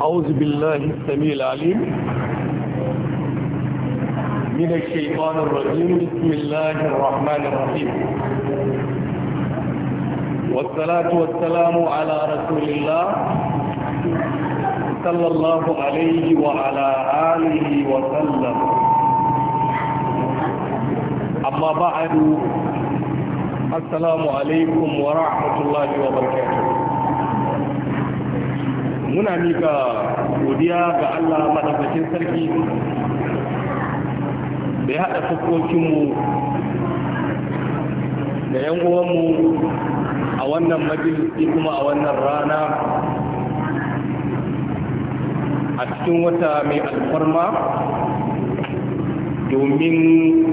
أعوذ بالله السميع العليم من الشيطان الرجيم بسم الله الرحمن الرحيم والصلاة والسلام على رسول الله صلى الله عليه وعلى آله وسلم أما بعد السلام عليكم ورحمة الله وبركاته muna mika godiya ga Allah madaukakin sarki da ya haɗa fuskokinmu da yan uwanmu a wannan majalisi kuma a wannan rana a cikin wata mai alfarma domin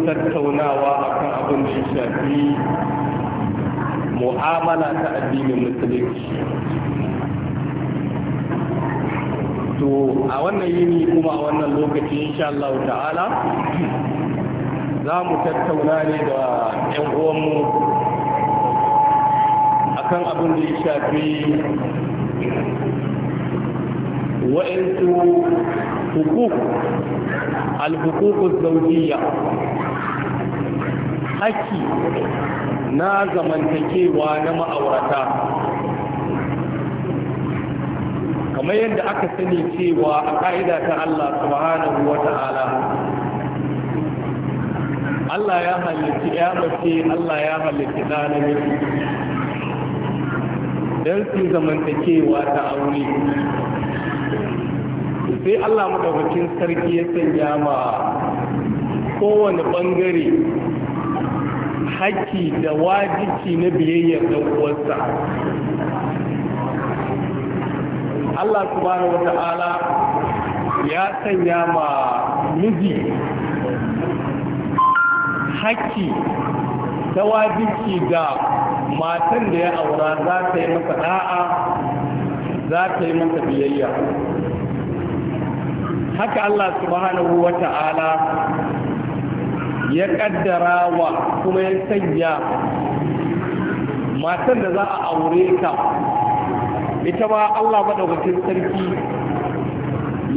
tattaunawa akan abin da ya shafi mu'amala ta addinin musulunci to a wannan yini kuma a wannan lokaci insha Allah ta'ala za mu tattauna ne da 'yan uwanmu akan abin da ya shafi wa'insu hukuk alhukukun zaujiya haki na zamantakewa na ma'aurata kamar yadda aka sani cewa a ƙa'ida ta Allah subhanahu wa ta'ala Allah ya halitta ya mace Allah ya halitti ɗa don su zamantakewa ta aure sai Allah madaukakin sarki ya sanya ma kowane ɓangare haƙƙi da wajici na biyayyar ɗan uwarsa Allah subhanahu ala ya sanya ma miji haƙƙi ta wajibci ga matan da ya aura za ta yi masa da'a za ta yi masa biyayya haka Allah subhanahu wa ta'ala ya ƙaddara wa kuma ya sanya matan da za a aure ka. ita ba Allah madaukakin sarki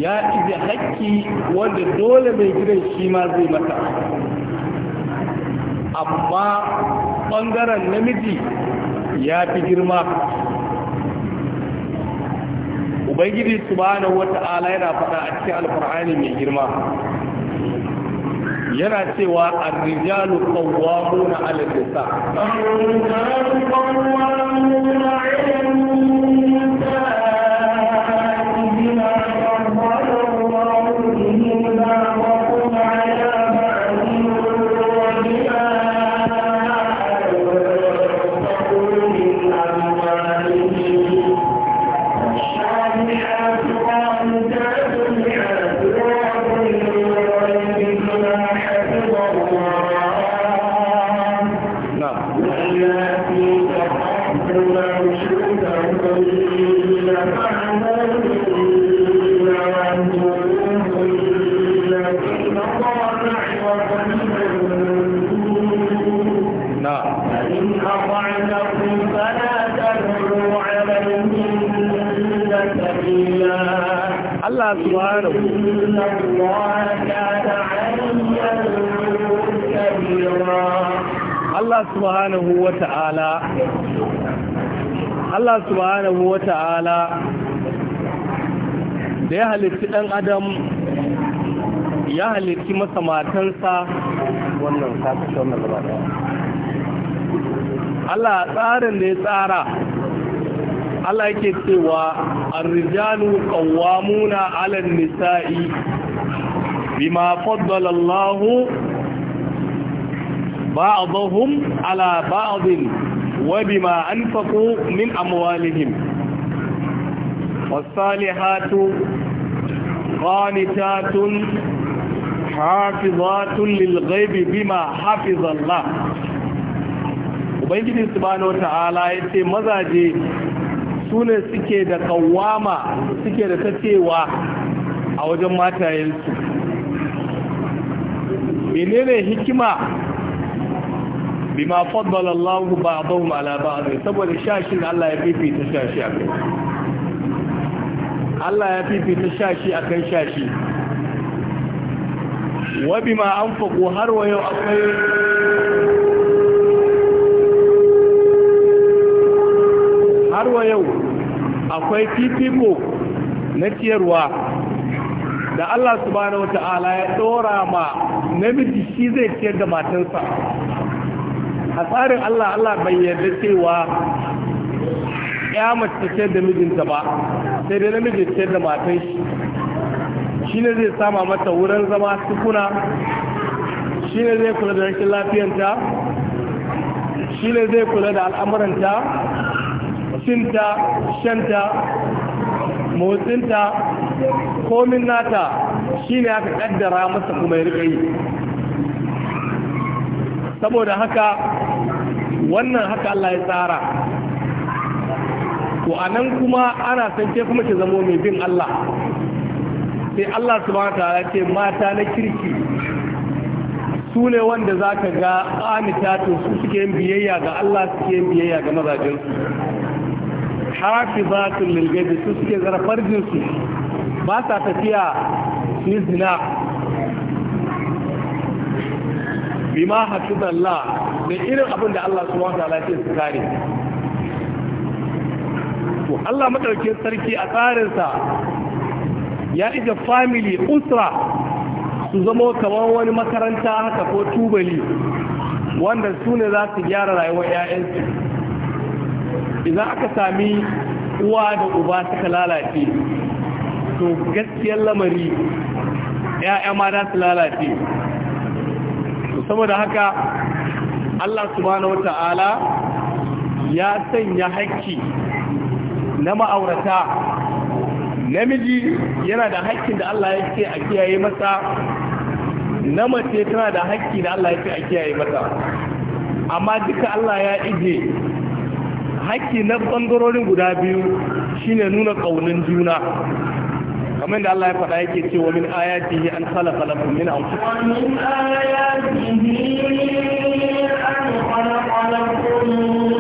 ya izi hakki wanda dole mai gida shi ma zai mata amma ɓangaren namiji ya fi girma ubangiji subhanahu wata'ala yana faɗa a cikin alfur'ani mai girma yana cewa a rijalu qawwamuna 'ala an-nisa rijalu qawwamuna 'ala an Allah su subhanahu Allah subhanahu wa ta'ala Allah subhanahu wa ta'ala da ya halitti ɗan adam ya halitti masa matansa wannan kasashe wannan gaba Allah tsarin da ya tsara Allah yake cewa ar-rijalu qawwamuna 'ala an-nisa'i bima faddala Allah ba'dahum 'ala ba'din wa bima anfaqu min amwalihim was-salihatu qanitatun حافظات للغيب بما حفظ الله ubangiji subhanahu wata'ala ya ce mazaje su ne suke da kawama suke da tacewa a wajen matayensu menene hikima bima faddala Allah ba'dahum ala ba'd saboda shashin Allah ya fifita shashi akai Allah ya fifita shashi akan shashi wa bima anfaqu har wa yau akwai har wa yau akwai fifiko na ciyarwa da Allah subhanahu ta'ala ya dora ma namiji shi zai ciyar da matansa a tsarin Allah Allah bai yarda cewa ya mace ciyar da mijinta ba sai dai namiji ciyar da matan shi shi ne zai sama mata wurin zama tukuna, shi ne zai kula da rashin lafiyanta shi ne zai kula da al'amuranta cinta shanta motsinta komin nata shine aka kaddara masa kuma ya yi saboda haka wannan haka Allah ya tsara to anan kuma ana san ke kuma ke zamo mai bin Allah sai Allah subhanahu ta'ala ce mata na kirki su ne wanda zaka ga amita to su suke yin biyayya ga Allah suke yin biyayya ga mazajensu hafizatun lil su suke zara farjin su ba sa tafiya ni zina bima hafizallah da irin abin da Allah subhanahu wa ta'ala su kare to Allah madauke sarki a tsarinsa ya ije family usra su zama kamar wani makaranta haka ko tubali wanda su ne za su gyara rayuwar 'ya'yansu idan aka sami uwa da uba suka lalace to gaskiyar lamari ya'ya ma za su lalace saboda haka Allah subhanahu wata'ala ya sanya haƙƙi na ma'aurata namiji yana da haƙƙin da Allah ya ce a kiyaye masa na mace tana da haƙƙi da Allah ya ce a kiyaye masa amma duka Allah ya ije haƙƙi na ɓangarorin guda biyu shine nuna ƙaunin juna kamar da Allah ya faɗa yake wa min ayatihi an khalaqa lakum min anfusikum min ayatihi an khalaqa lakum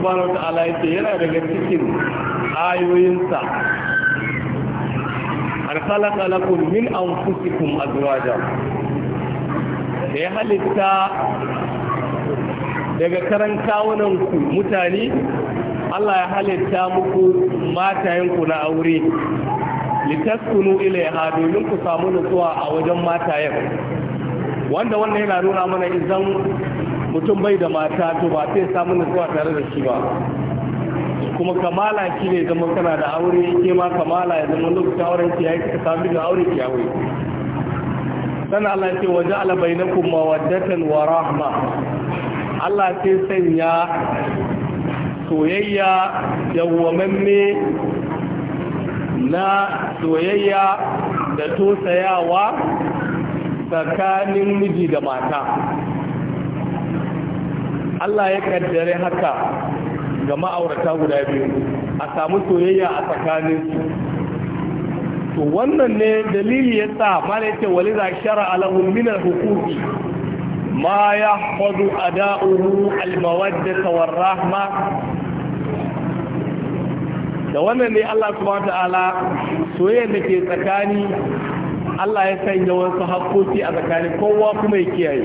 subhanahu wa ta'ala yace yana daga cikin ayoyinsa an khalaqa lakum min anfusikum azwaja da ya halitta daga karan kawunan ku mutane Allah ya halitta muku matayen ku na aure litaskunu ilaiha domin ku samu nutsuwa a wajen matayen wanda wannan yana nuna mana idan mutum bai da mata to ba sai samu nutsuwa tare da shi ba kuma kamala shi ne zama kana da aure ke ma kamala ya zama lokacin auren ki yayi ka samu da aure ki aure sannan Allah ce waje ala bainakum mawaddatan wa rahma Allah sai sanya soyayya dawwamamme na soyayya da tosayawa tsakanin miji da mata Allah ya kaddare haka ga ma'aurata guda biyu a samu soyayya a tsakanin to wannan ne dalili ya sa mara yake wali za shara alahun minar hukuki ma ya hudu a da'uru almawadda rahma da wannan ne Allah subhanahu ta'ala soyayya da ke tsakani Allah ya sanya wasu hakkoki a tsakanin kowa kuma ya kiyaye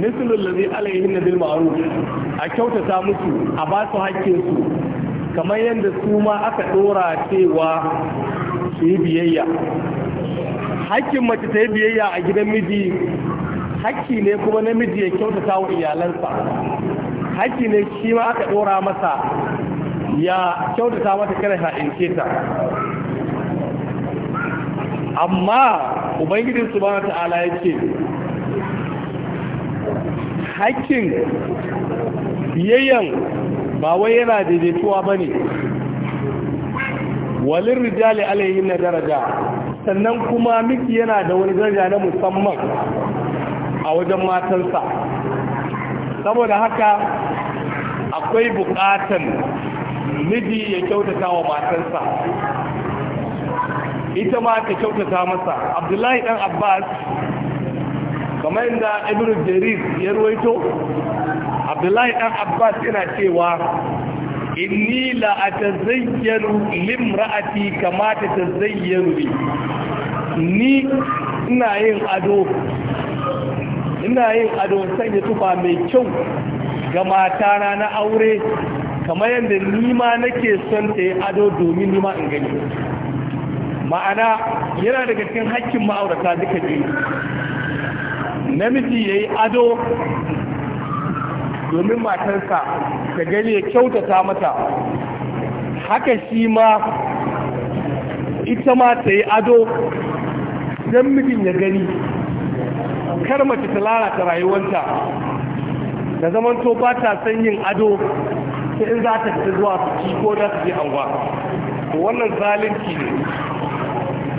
mislu allazi alaihin bil ma'ruf a kyautata musu a ba su su kamar yadda su ma aka dora cewa su yi biyayya hakkin mace ta yi biyayya a gidan miji hakki ne kuma namiji ya kyautata wa iyalansa hakki ne shi ma aka dora masa ya kyautata mata kada ha'ince ta amma ubangiji subhanahu ta'ala ya ce hakkin biyayyan ba wai yana daidaituwa ba ne walin rijali alayhi na daraja sannan kuma miki yana da wani daraja na musamman a wajen matansa saboda haka akwai bukatan miji ya kyautata wa matansa ita ma ta kyautata masa abdullahi dan abbas kamar yadda ibn jarir ya ruwaito abdullahi dan abbas yana cewa inni la atazayyaru limra'ati kama tatazayyaru li ni ina yin ado ina yin ado sanya tufa mai kyau ga matana na aure kamar yadda ma nake son ta yi ado domin ni ma in gani ma'ana yana daga cikin hakkin ma'aurata duka biyu namiji ya yi ado domin matarsa ta gani ya kyautata mata haka shi ma ita ma ta yi ado don mijin ya gani kar mace ta lalata rayuwanta da zaman to ba ta san yin ado ta in za ta fita zuwa su ko za su je anguwa wannan zalunci ne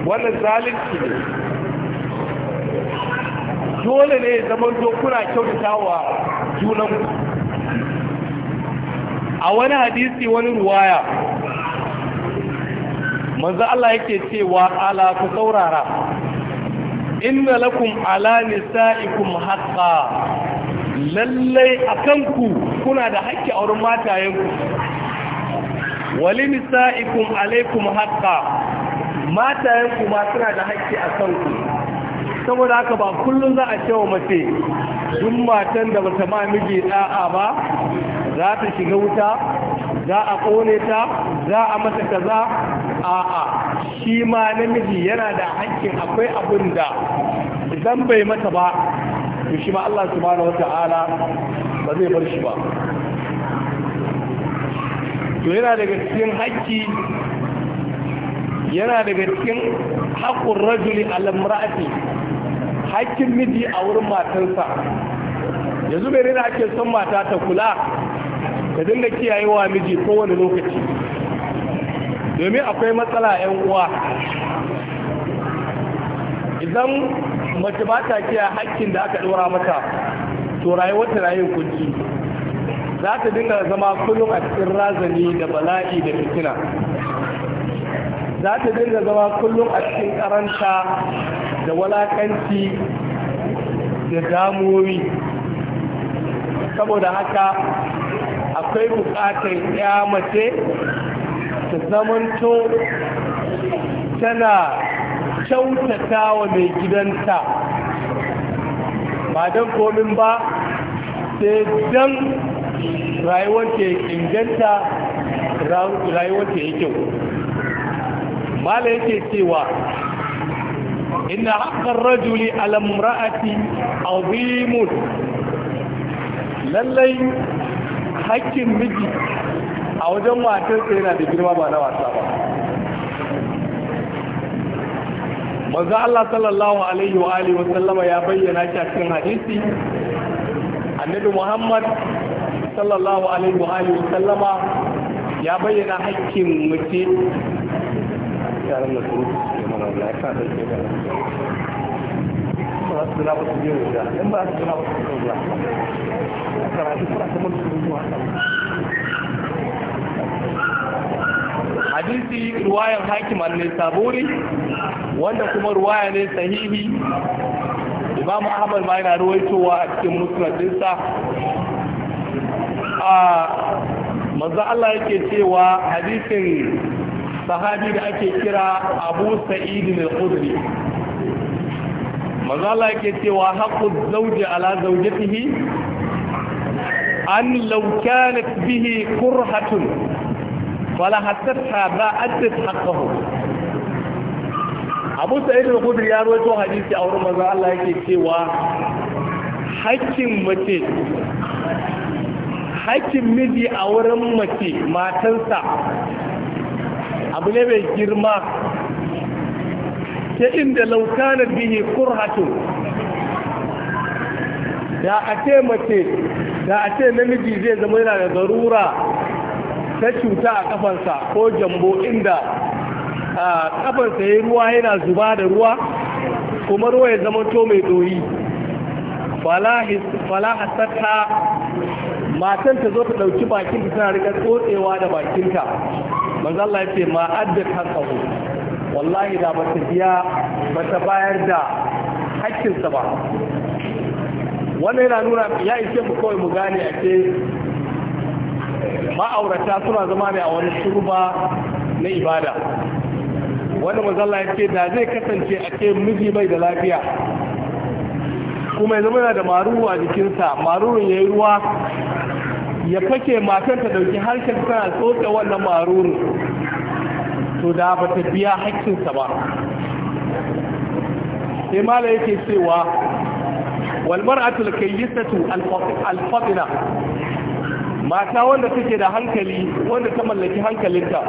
wannan zalunci ne dole ne zaman to kuna kyautata wa junanku a wani hadisi wani ruwaya manzo Allah yake cewa ala ku saurara inna lakum ala nisaikum haqqa lallai akanku kuna da haƙƙi a wurin matayenku wali nisaikum alaikum haqqan matayenku ma suna da haƙƙi a kanku saboda haka ba kullum za a cewa mace duk matan da bata ma miji da'a ba za ta shiga wuta za a kone ta za a mata kaza a'a shi ma namiji yana da hakkin akwai abin da idan bai mata ba to shi ma Allah subhanahu wata'ala ba zai bar shi ba to yana daga cikin hakki yana daga cikin haƙƙun rajuli alamra'ati hakkin miji a wurin matarsa yanzu bai rina ake son mata ta kula ta dinga kiyayewa miji kowane lokaci domin akwai matsala 'yan uwa idan mace ba ta kiya hakkin da aka ɗora mata to rayuwar ta rayuwar kunci za ta dinga zama kullum a cikin razani da bala'i da fitina za ta dinga zama kullum a cikin karanta da walakanci da damuwoyi saboda haka akwai bukatar ya mace ta zamanto tana kyautata wa mai gidanta ba don komin ba sai don rayuwarta ya inganta rayuwarta ya kyau mala yake cewa inna haqqar rajuli ala imra'ati azimun lallai haƙƙin miji a wajen matarsa yana da girma ba na wasa ba manzo Allah sallallahu alaihi wa alihi wa sallama ya bayyana shi hadisi annabi Muhammad sallallahu alaihi wa alihi wa sallama ya bayyana haƙƙin mace alwala ya sa ɗauke da ba su tuna ba su biyo wuta in ba su tuna ba su biyo wuta a karatu suna ta mulki rubuwa hadisi ruwayan hakim annai saburi wanda kuma ruwaya ne sahihi imamu ahmad ma yana ruwaitowa a cikin musnadinsa a manzo Allah yake cewa hadisin sahabi da ake kira abu sa'idin al-khudri mazala yake cewa haqqu zawji ala zawjatihi an law kanat bihi kurhatun Wala fala hatatha ba'adat haqqahu abu sa'id al-khudri ya rawaito hadisi a wurin maza Allah yake cewa hakkin mace hakkin miji a wurin mace matansa abu ne mai girma ke inda lautana bihi kurhatu da a ce mace da a ce namiji zai zama yana da zarura ta cuta a kafansa ko jambo inda kafansa ya ruwa yana zuba da ruwa kuma ruwa ya zama to mai doyi falahasata matan ta zo ta ɗauki bakinta tana rika tsotsewa da bakinta manzo Allah ya ce ma adda haqqahu wallahi da ba ta biya ba ta bayar da haƙƙinsa ba wannan yana nuna ya ishe mu kawai mu gane a ce ma'aurata suna zama ne a wani shurba na ibada Wani manzo Allah ya ce da zai kasance a ce miji bai da lafiya kuma ya zama yana da maruru a jikinsa marurun ya yi ruwa ya fake matan ta ɗauki harshen tana tsotse wannan marurun to da ba ta biya haƙƙinsa ba sai mala yake cewa walmar'atul kayyisatu alfatina mata wanda take da hankali wanda ta mallaki hankalinta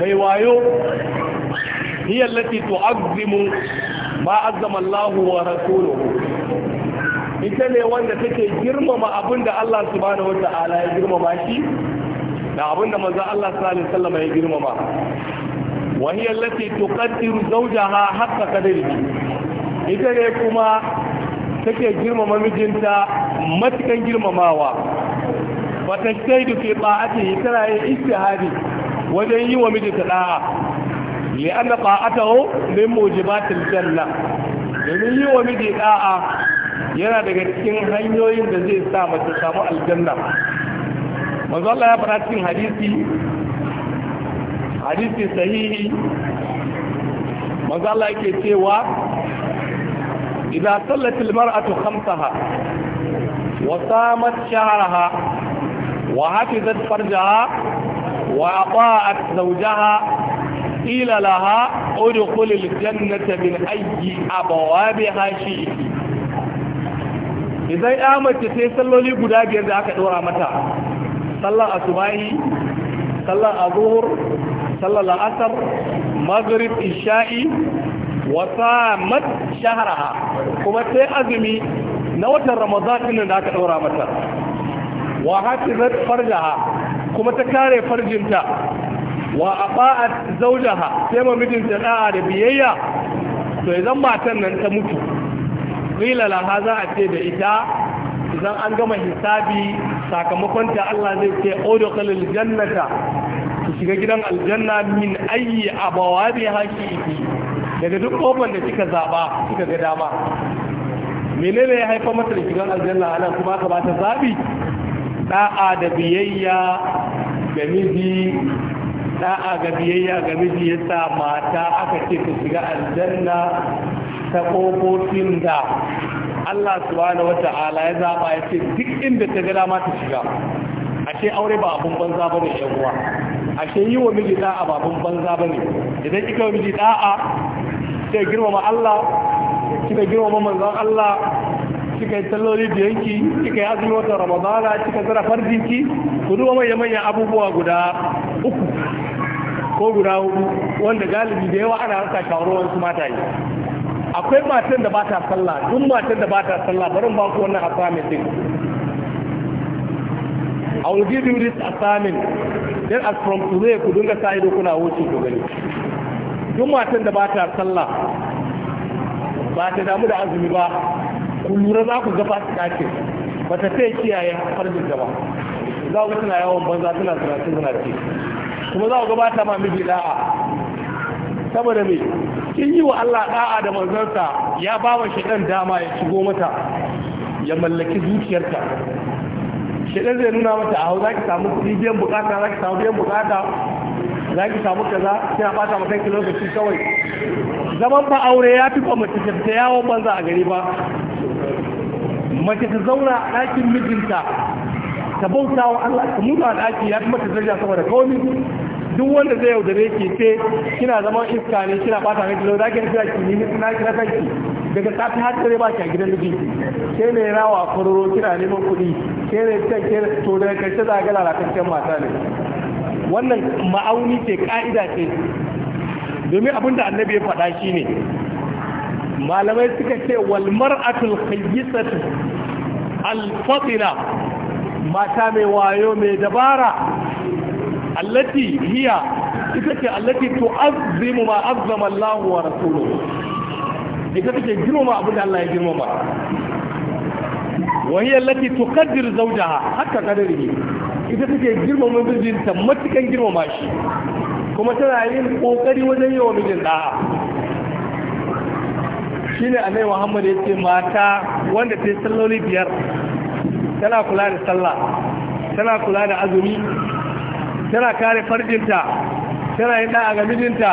mai wayo hiya allati tu'azzimu ma azzama Allah wa rasuluhu ita ne wanda take girmama abin da Allah subhanahu wata'ala ya girmama shi da abin da manzo Allah sallallahu alaihi wasallam ya girmama wa hiya allati tuqaddiru zawjaha haqqa qadrihi ita ne kuma take girmama mijinta matukan girmamawa wa tashtaidu fi ta'atihi tana yin istihadi wajen yi wa mijinta da'a li anna ta'atahu min mujibatil janna domin yi wa miji da'a yana daga cikin hanyoyin da zai sa mace samu aljanna manzo Allah ya fara cikin hadisi hadisi sahihi manzo Allah yake cewa idza sallat almar'atu khamsaha wa samat shahraha wa hafizat farjaha wa ata'at zawjaha ila laha udkhulil jannata min ayyi abwabiha shi'ti idan ya mace sai salloli guda biyar da aka ɗora mata sallar asubahi sallar azuhur sallar la'asar maghrib isha'i wata mat shaharaha kuma sai azumi na watan ramadan ɗin da aka ɗora mata wa hafizat farjaha kuma ta kare farjinta wa aba'at zaujaha sai mamijin ta da'a da biyayya to idan matan nan ta mutu qila laha za a ce da ita zan an gama hisabi sakamakon ta Allah zai ce kalil jannata ki shiga gidan aljanna min ayyi abawabiha shi'ti daga duk kofar da kika zaba kika ga dama menene ya haifa mata da shigan aljanna ana kuma aka bata zabi da'a da biyayya ga miji da'a ga biyayya ga miji yasa mata aka ce ta shiga aljanna ta ƙofofin da Allah subhanahu wata'ala ya zaba ya ce duk inda ta ga dama ta shiga ashe aure ba abun banza bane yan uwa ashe yi wa miji da'a ba abun banza bane idan kika wa miji da'a sai girmama Allah kika girmama manzon Allah kika yi talloli da yanki kika yi azumi wata ramadana kika zara farjinki ku duba manya manyan abubuwa guda uku ko guda hudu wanda galibi da yawa ana rasa shawarwar su mata yi akwai matan da ba ta sallah duk matan da ba ta sallah barin ba ku wannan assignment din I will give you this assignment then as from today ku dinga sa ido kuna wuce ku gani duk matan da ba ta sallah ba ta damu da azumi ba ku lura za ku gafa su dace ba ta sai kiyaye farjin da ba za ku tana yawon banza tana tsirace tana ce kuma za ku gabata ma miji da'a saboda me cikin yi wa Allah da'a da manzansa ya ba wa shaidan dama ya shigo mata ya mallaki zuciyarta shaidan zai nuna mata a hau za ki samu kuɗi biyan bukata za ki samu biyan bukata za ki samu ki kina ɓata matan ki lokaci kawai zaman ba aure ya fi ba mace ta yawon banza a gari ba mace ta zauna a ɗakin mijinta ta bauta wa Allah ta mutu a ɗaki ya fi mata zarja saboda kawai duk wanda zai yaudare ke ce kina zaman iska ne kina bata da lau zaki kira ki ni na kira kanki daga safi har dare ba ki a gidan miji ke ne rawa kororo kina neman kuɗi ke ne ta ke to daga karshe za ga lalataccen mata ne wannan ma'auni ce ka'ida ce domin abin da annabi ya faɗa shi ne malamai suka ce wal mar'atul khayyisatu al mata mai wayo mai dabara allati hiya ita ce allati tu'azzimu ma azzama Allah wa rasuluhu ita take girmama abin da Allah ya girmama wa hiya allati tuqaddir zawjaha hatta qadarihi ita take girmama mijinta matukan girmama shi kuma tana yin kokari wajen yawa mijin da'a shine annabi Muhammad ya ce mata wanda ta yi salloli biyar tana kula da sallah tana kula da azumi tana kare farjinta tana yin da'a ga mijinta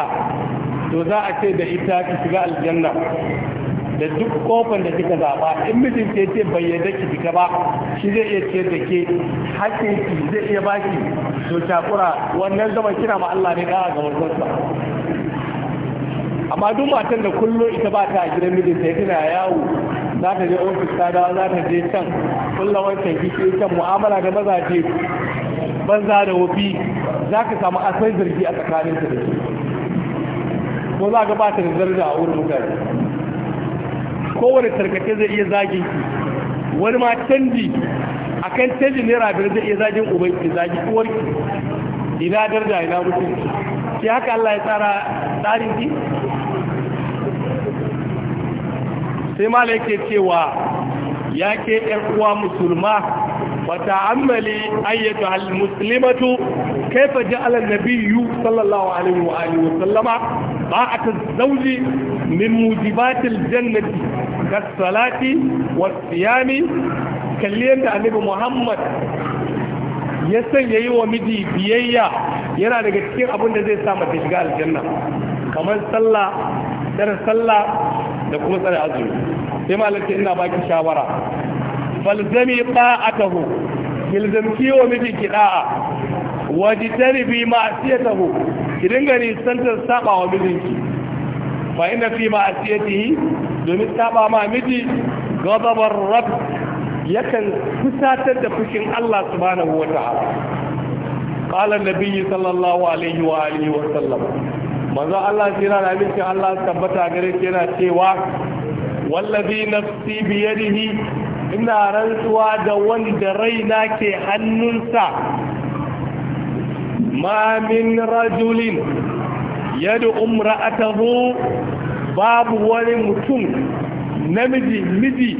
to za a ce da ita ki shiga aljanna da duk kofar da kika zaba in mijinta ke ce bai yarda ki fita ba shi zai iya ce da ke hakkin ki zai iya baki to shakura wannan zama kira ma Allah ne da'a ga wanzansa amma duk matan da kullum ita ba ta a gidan mijinta ya tana yawo za ta je ofis ta dawa za ta je can kulla wancan kike can mu'amala da mazaje banza da wofi za ka samu akwai zargi a tsakanin su da shi ko za ka ba ta da zarda a wurin mutane kowane tarkace zai iya zagin ki wani ma canji a kan canji naira biyar zai iya zagin uban ki zagi ki ina darda ina mutunci ki haka Allah ya tsara tsarin ki sai mala yake cewa ya ke ƴan uwa musulma وتأملي أيتها المسلمة كيف جعل النبي صلى الله عليه وآله وسلم طاعة الزوج من موجبات الجنة كالصلاة والصيام كالليل النبي محمد yasan yayi wa miji biyayya yana daga cikin abin da zai sa mace shiga aljanna kamar sallah tsare sallah da kuma tsare azumi sai malaka ina baki shawara falzami ta'atahu ilzamki wa mijinki da'a wajtanibi ma'siyatahu ki dinga nisantar saba wa mijinki fa inna fi ma'siyatihi domin saba ma miji ghadabar rabb yakan kusatar da fushin Allah subhanahu wa ta'ala qala an-nabi sallallahu alaihi wa alihi wa sallam manzo Allah yana da miki Allah tabbata gare shi yana cewa wallazi nafsi biyadihi ina rantsuwa da wanda raina ke hannunsa ma min rajulin yadda umra'atahu babu wani mutum namiji miji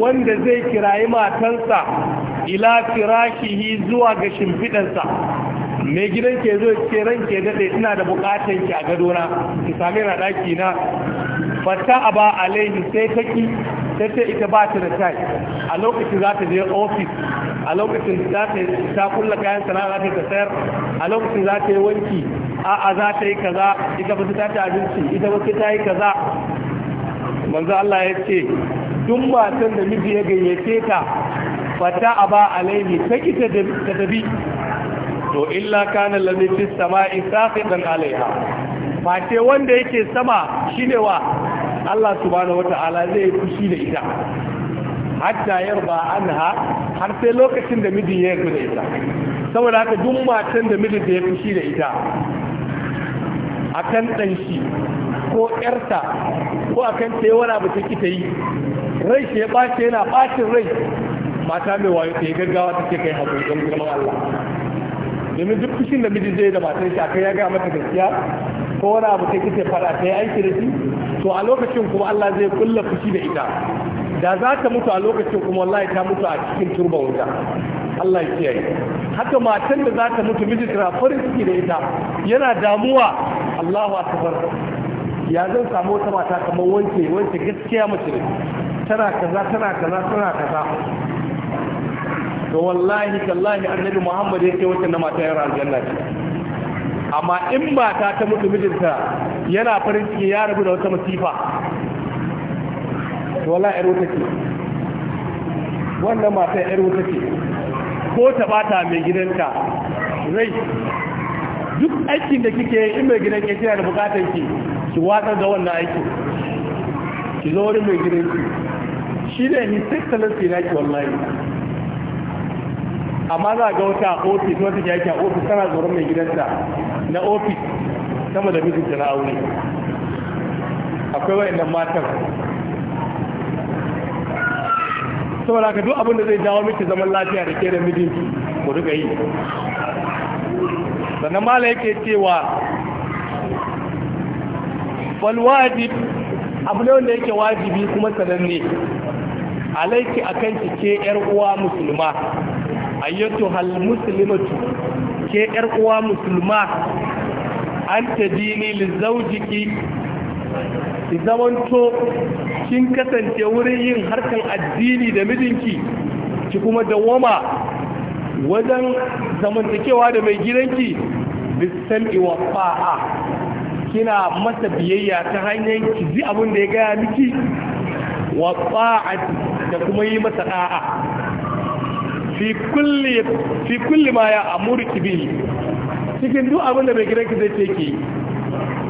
wanda zai kirayi matansa ila firashihi zuwa ga shimfiɗansa mai gidan ke zo ke ran ke daɗe ina da buƙatar ki a gadona ki same na ɗaki na fata ba alaihi sai kaki ta ce ita ba ta da tai a lokacin za ta je ofis a lokacin za ta ta kulla kayan sana'a ta ta sayar a lokacin za ta yi wanki a'a za ta yi kaza ita ba ta abinci ita ba ta yi kaza manzo Allah ya ce duk matan da miji ya gayyace ta fata aba alaihi ta ita ta tabi to illa kana ladhi fis sama'i saqitan alaiha face wanda yake sama shine wa Allah subhanahu wata'ala zai yi fushi da ita hatta yarba anha har sai lokacin da mijin ya yarda da ita saboda haka duk matan da mijin da ya fushi da ita akan dan shi ko ƴarta ko akan sai wani abu take ta yi rai shi ya bace yana bacin rai mata mai wayo ta yi gaggawa take kai haƙuri don girman Allah domin duk fushin da mijin zai da matan shi akai ya ga mata gaskiya ko wani abu ta kike fara ta yi aiki da shi to a lokacin kuma Allah zai kulla fushi da ita da za ta mutu a lokacin kuma wallahi ta mutu a cikin turban wuta Allah ya kiyaye haka matan da za ta mutu miji tana farin ciki da ita yana damuwa Allahu akbar ya zan samu wata mata kamar wance wance gaskiya mace ne tana kaza tana kaza tana kaza to wallahi tallahi annabi Muhammad yake wata na mata yar aljanna ce amma in mata ta mutu mijinta yana farin ciki ya rabu da wata masifa wala yar wuta ce wannan mata yar wuta ce ko ta bata mai gidanka rai duk aikin da kike in mai gidan ke kina da bukatar ki ki watsar da wannan aikin ki zo wurin mai gidan ki shi ne ni sai talansi na ki wallahi amma za ga wata ofis wata ke ke ofis tana tsoron mai gidanta na ofis sama da mijinta na aure akwai wa'annan matan saboda ka duk abinda zai jawo miki zaman lafiya da ke da mijinki ku duka yi sannan mala yake cewa falwajib abu ne wanda yake wajibi kuma sananne alaiki akan kike yar uwa musulma ayyatu hal muslimatu ke yar uwa musulma an ta dini li zawjiki ki zamanto kin kasance wurin yin harkan addini da mijinki ki kuma dawama wajen zamantakewa da mai gidanki bisan iwafa'a kina masa biyayya ta hanyar ki ji abin da ya gaya miki wa da kuma yi masa da'a fi kulli ma ya amurki kibi cikin duk abin da mai ki zai ce ki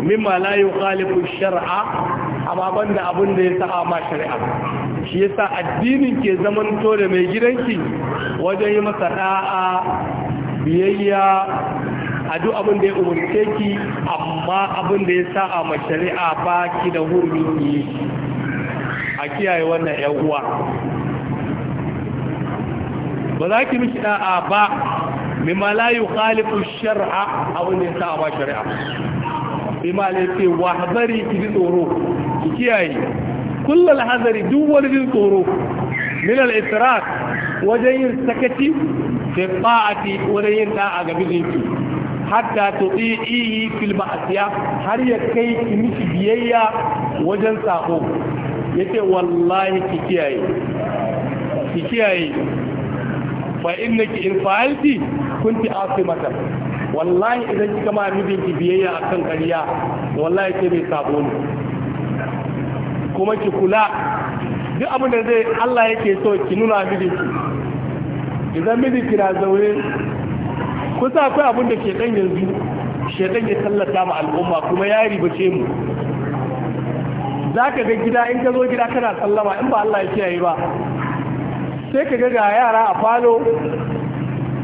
mimma la yukhalifu shar'a amma banda abin da ya sa ma shari'a shi yasa addinin ke zaman to da mai ki wajen yi masa da'a biyayya a duk abin da ya umarce ki amma abin da ya sa ma shari'a ba ki da hurmi a kiyaye wannan yan uwa ba za ki mishi da'a ba mimma la yukhalifu shar'a aw ne ta ba shari'a bima la yake wa hazari ki tsoro ki kiyaye kullal hazari duk wani jin tsoro min al israf wajen yin sakaci fi ta'ati wajen yin da'a ga bijinki hatta tu'i fil ma'asiya har ya kai ki mishi biyayya wajen sako yace wallahi ki kiyaye ki kiyaye fa innaki in fa'alti kunti asimata wallahi idan kika ma mijinki biyayya akan kariya wallahi sai mai sabo ne kuma ki kula duk abin da zai Allah yake so ki nuna mijinki idan mijinki na zaune kusa akwai abin da ke dan yanzu shedan ya tallata ma al'umma kuma ya ribace mu za ka ga gida in ka zo gida kana sallama in ba Allah ya kiyaye ba sai ka ga yara a falo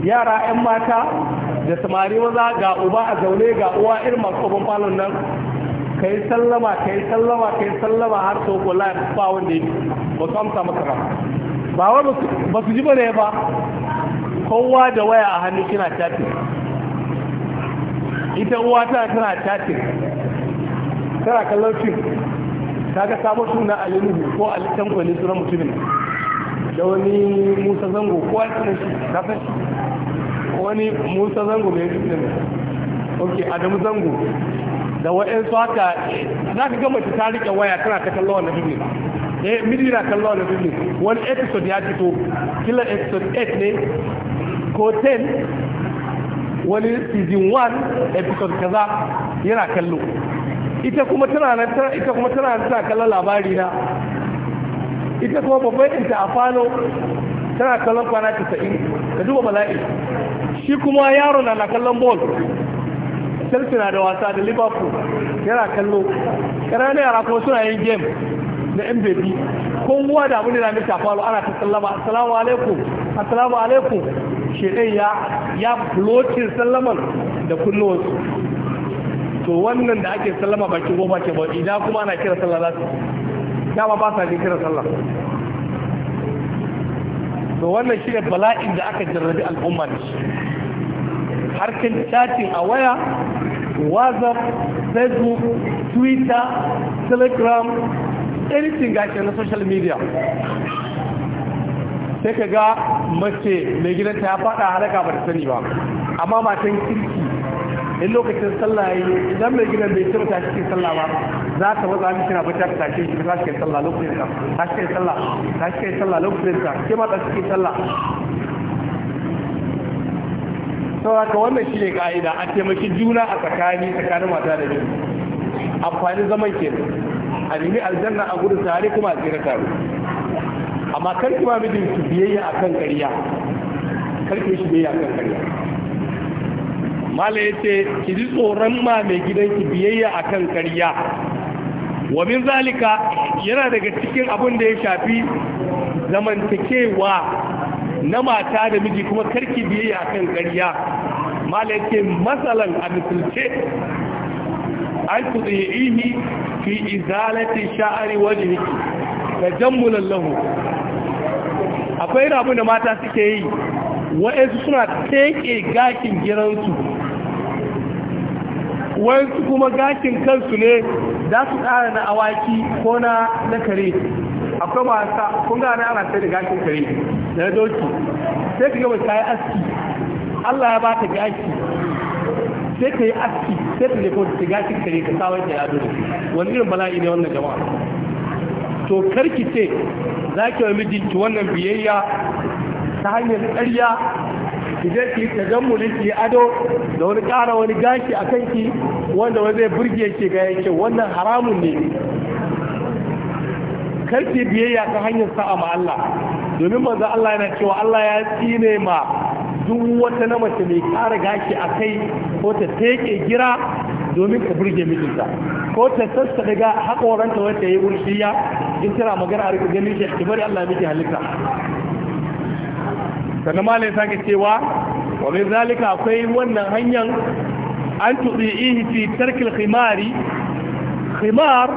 yara 'yan mata da samari maza ga uba a zaune ga uwa irin masu abin falon nan ka yi sallama ka yi sallama ka yi sallama har sau kula ba wanda ya ba su amsa maka ba ba ba su ji ba ne ba kowa da waya a hannu kina chatting ita uwa tana tana chatting tana kallon fim ta ga samun suna alinuhu ko alitan kwanin sunan mutumin da wani musa zango ko a cikin shi kafin wani musa zango mai ne ok adamu zango da su haka za ka gama ta rike waya tana ta kallon wani wannan ne eh midi na kallon wannan bibin wani episode ya fito kila episode 8 ne ko 10 wani season 1 episode kaza yana kallo ita kuma tana nan ita kuma tana nan ta kallon labari na ita kuma babban ɗinta a falo tana kallon kwana 90 ka duba mala'i shi kuma yaro na kallon ball chelsea na da wasa da liverpool yana kallo ƙananan yara kuma suna yin game na mvp kowa da abin da na mita falo ana ta sallama assalamu alaikum assalamu alaikum shedan ya ya blokin sallaman da kunnuwansu to wannan da ake sallama bakin goma ke ba idan kuma ana kira sallama za su dama ba sa ne kira sallah to wannan shi ne bala'in da aka jarrabi al'umma da shi harkar chatting a waya whatsapp facebook twitter telegram anything gashi na social media sai ka ga mace mai gidanta ya fada halaka ba ta sani ba amma matan kirki in lokacin sallah yi idan mai gidan bai cimta cikin sallah ba za ka maza amince na bacci ka tashi shi ka kai sallah lokacin ka tashi kai sallah tashi kai sallah lokacin ka ke ma tashi kai sallah saboda wannan shi ne ka'ida a taimaki juna a tsakani tsakanin mata da miji amfani zaman ke a nemi aljanna a gudu tare kuma a tsira tare amma karki ma mijin su biyayya a kan ƙarya karki shi biyayya a kan ƙarya mala ya ce ki ji tsoron ma mai gidan ki biyayya a kan ƙarya wa min zalika yana daga cikin abin da ya shafi zamantakewa na mata da miji kuma karki biyayya kan ƙarya ke masalan a misalce an tuɗi'ihi fi izalati sha'ari wajhiki tajammulan lahu akwai rabu da mata suke yi wa'ansu suna teke gakin giransu wasu kuma gashin kansu ne za su ƙara na awaki ko na kare akwai wasa, kun gane ana sai da gashin kare da na doki sai ka gaba ta yi aski Allah ya ba ta gashi sai ka yi aski sai ka nufo ta gashin kare ka sa wanke yado da wani irin bala'i ne wannan jama'a to karki ce za ki wa mijinki wannan biyayya ta hanyar ƙarya ki je ki tajammulin ki ado da wani ƙara wani gashi a kanki wanda wani zai burge ki ga yake wannan haramun ne Kar ki biyayya ta hanyar sa'a ma Allah domin manzo Allah yana cewa Allah ya tsine ma duk wata na mace mai kara gashi a kai ko ta teke gira domin ka burge mijinta ko ta sassa daga haƙoranta wata ya yi in tana magana a rikin ganin shi bari Allah ya miki halitta sannan malai sake cewa wa min zalika akwai wannan hanyar an tuɗe ihi fi tarkil khimari khimar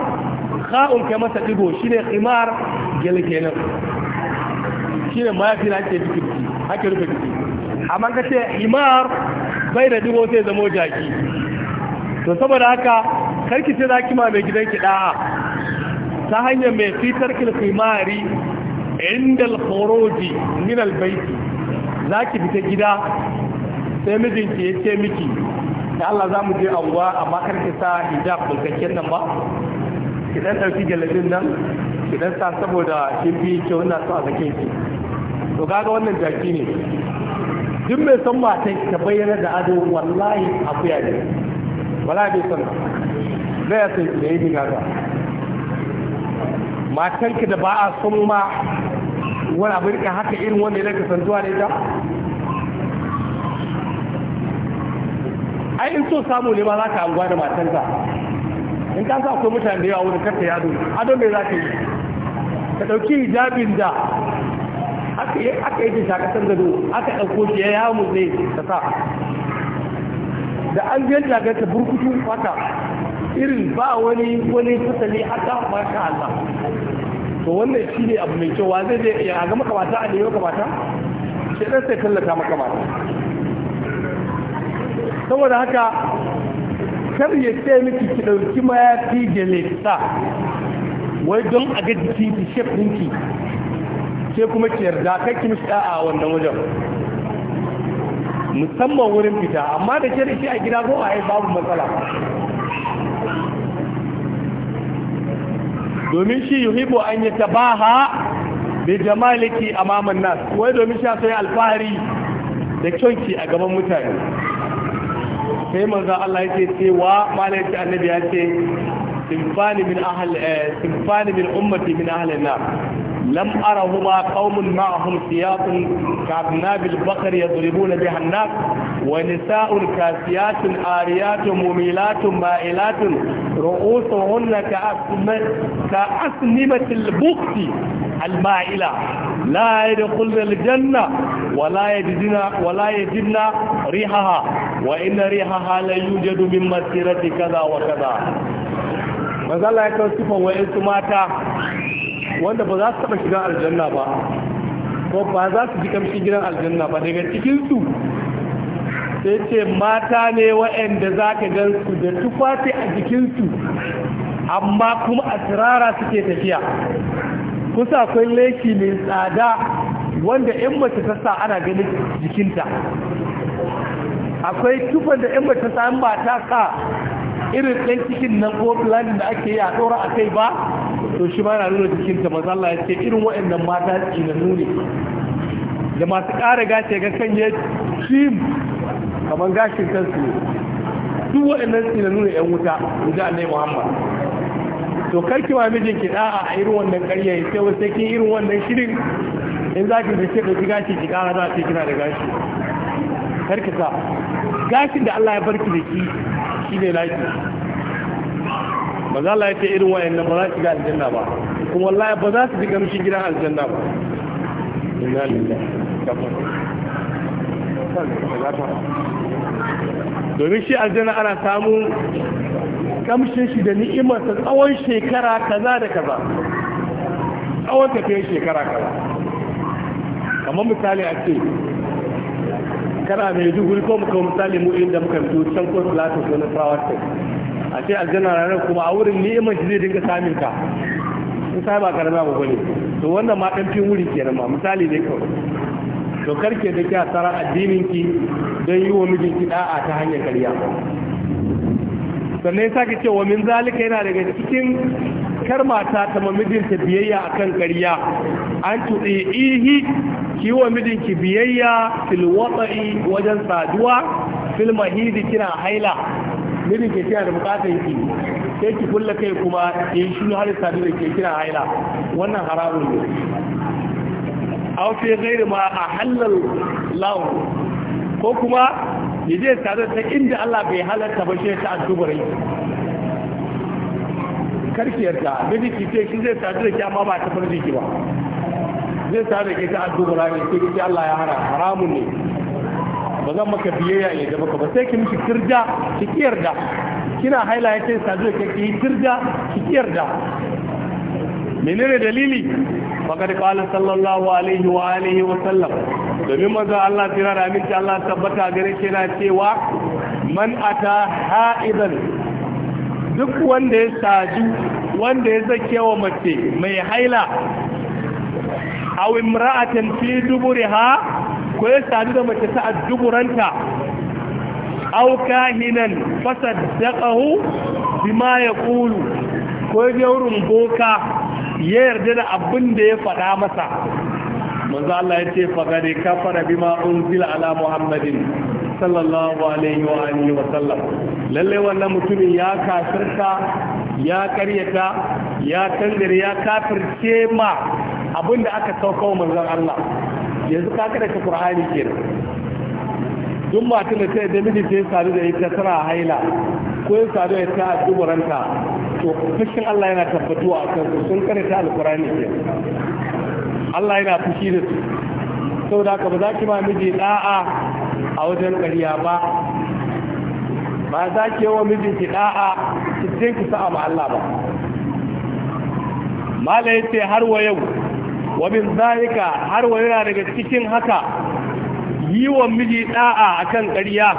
kha'un kai masa digo shine khimar gelgenan shine mayafi na ake duki ake rufe duki amma ka ce himar bai da digo sai zamo jaki to saboda haka karki ce zaki ma mai gidanki da'a ta hanyar mai fitar kilfimari inda alkhoroji min albaiti za ki fita gida sai mijinki ya ce miki da Allah za mu je anguwa amma kar ki sa hijab bulkakken nan ba ki dan ɗauki galabin nan ki dan sa saboda kin fi ki wannan su a sake ki to kaga wannan jaki ne duk mai son matan ta bayyana da ado wallahi akuya ne wallahi bai son zai san ki da yi Matan matanki da ba a son ma wani abu rika haka irin wanda ya kasantuwa da ita ai in so samu ne ba za ka anguwa da matanka in ka sa akwai mutane da yawa wurin karta A don mai za ka yi ka ɗauki hijabin da aka yi aka yi shakasar gado aka ɗauko shi ya yamu ne ka sa da an biyar ga ta burkutu fata irin ba wani wani fasali aka maka Allah to wannan shi ne abu mai kyau zai je ya ga makamata a nemi makamata shi ɗan sai tallata makamata saboda haka kar ya ce miki ki ɗauki mayafi gelesa wai don a ga jiki ki shef ɗinki sai kuma ki yarda kai ki mishi a wannan wajen musamman wurin fita amma da ke da shi a gida ko a yi babu matsala domin shi yuhibbu an yatabaha bi jamaliki amaman nas wai domin shi sai alfahari da kyonki a gaban mutane sai manzan Allah yake cewa malai ta annabi ya ce simfani min eh, min ummati min ahalin na. لم أرهما قوم معهم سياط كأبناب البقر يضربون بها الناس ونساء كاسيات آريات مميلات مائلات رؤوسهن كأسنمة البخت المائلة لا يدخلن الجنة ولا يجدن ولا يجدن ريحها وإن ريحها لا يوجد من مسيرة كذا وكذا manzala ya kawo sifan yansu mata wanda ba za su taɓa shiga aljanna ba ko ba za su ji kamshin gidan aljanna ba daga cikinsu sai ce mata ne wa'yanda za ka gansu da tufafi a jikinsu amma kuma a sirara suke tafiya kusa akwai laifi mai tsada wanda 'yan mace ta sa ana ganin jikinta akwai tufan da 'yan mace ta sa ba ta sa irin ɗan cikin nan ko planin da ake yi a ɗora a kai ba to shi ma na nuna jikin ta maza Allah ya ce irin waɗannan mata tsinannu nuni da masu ƙara gace ga kan ya cim kamar gashin kansu ne duk waɗannan tsinannu ne 'yan wuta in ji Allah Muhammad to kar ki ma mijin ki da a irin wannan ƙarya ya ce wasu kin irin wannan shirin in za ki zace ɗauki gashi ki ƙara za a ce kina da gashi kar sa gashin da Allah ya barki da ki. shi ne laifi ba za la yake irin wayannan ba za su ga aljanna ba kuma wallahi ba za su ji gamshi gidan aljanna ba inna lillahi domin shi aljanna ana samu kamshin shi da ni'imarsa tsawon shekara kaza da kaza tsawon tafiyar shekara kaza kamar misali a ce karkara mai duhuri ko muka misali mu inda muka fito can ko plato ko na flower tech a ce aljanna ranar kuma a wurin ni shi zai dinga samun ka in sai ba karama ba bane to wannan ma dan fin wuri kenan ma misali ne kawai to karke da kya tsara addinin ki don yi wa mijinki da'a ta hanyar karya sannan ya sake cewa min zalika yana daga cikin kar mata ta mamijinta biyayya akan karya an tuɗe ihi ki wa mijinki biyayya fil watsa'i wajen saduwa fil mahidi kina haila mijinki kina da bukatar ki sai ki kulla kai kuma in shi har da ke kina haila wannan haramun ne aw fi ghairi ma ahallal law ko kuma yaje saduwa ta inda Allah bai halarta ba shi ta addubarai karkiyarta mijinki sai shi zai saduwa ki amma ba ta farji ki ba zai sa da ke ta addu'a ne sai ita, Allah ya hana haramun ne ba zan maka biyayya ya gaba ba sai ki miki kirja ki kiyarda kina haila yake sa zai ke ki kirja ki kiyarda menene dalili faqad qala sallallahu alaihi wa alihi wa sallam domin manzo Allah tira da aminci Allah tabbata gare shi na cewa man ata ha'idan duk wanda ya saju wanda ya zakewa mace mai haila aw imra'atin fi duburiha ko ya sadu da mace ta adduburanta aw kahinan fasaddaqahu bima yaqulu ko ya wurin boka ya yarda da abin da ya faɗa masa manzo Allah ya ce faqad kafara bima unzila ala muhammadin sallallahu alaihi wa alihi wa sallam lalle wannan mutumin ya kafirta ya karyata ya tangare ya kafirce ma abin da aka wa manzan Allah yanzu ka karanta ke kenan duk matan da ta da miji ta sadu da ita tana haila ko yin sadu da ta tsibiranta to fushin Allah yana tabbatuwa a kan sun ta Alƙurani ke Allah yana fushi da su saboda ka ba za ki ma miji ɗa'a a wajen ƙarya ba ba za ki yawa mijinki da'a ki je ki sa'a ma Allah ba mala ce har wa yau wa min zalika har wa yana daga cikin haka yi wa miji da'a akan ƙarya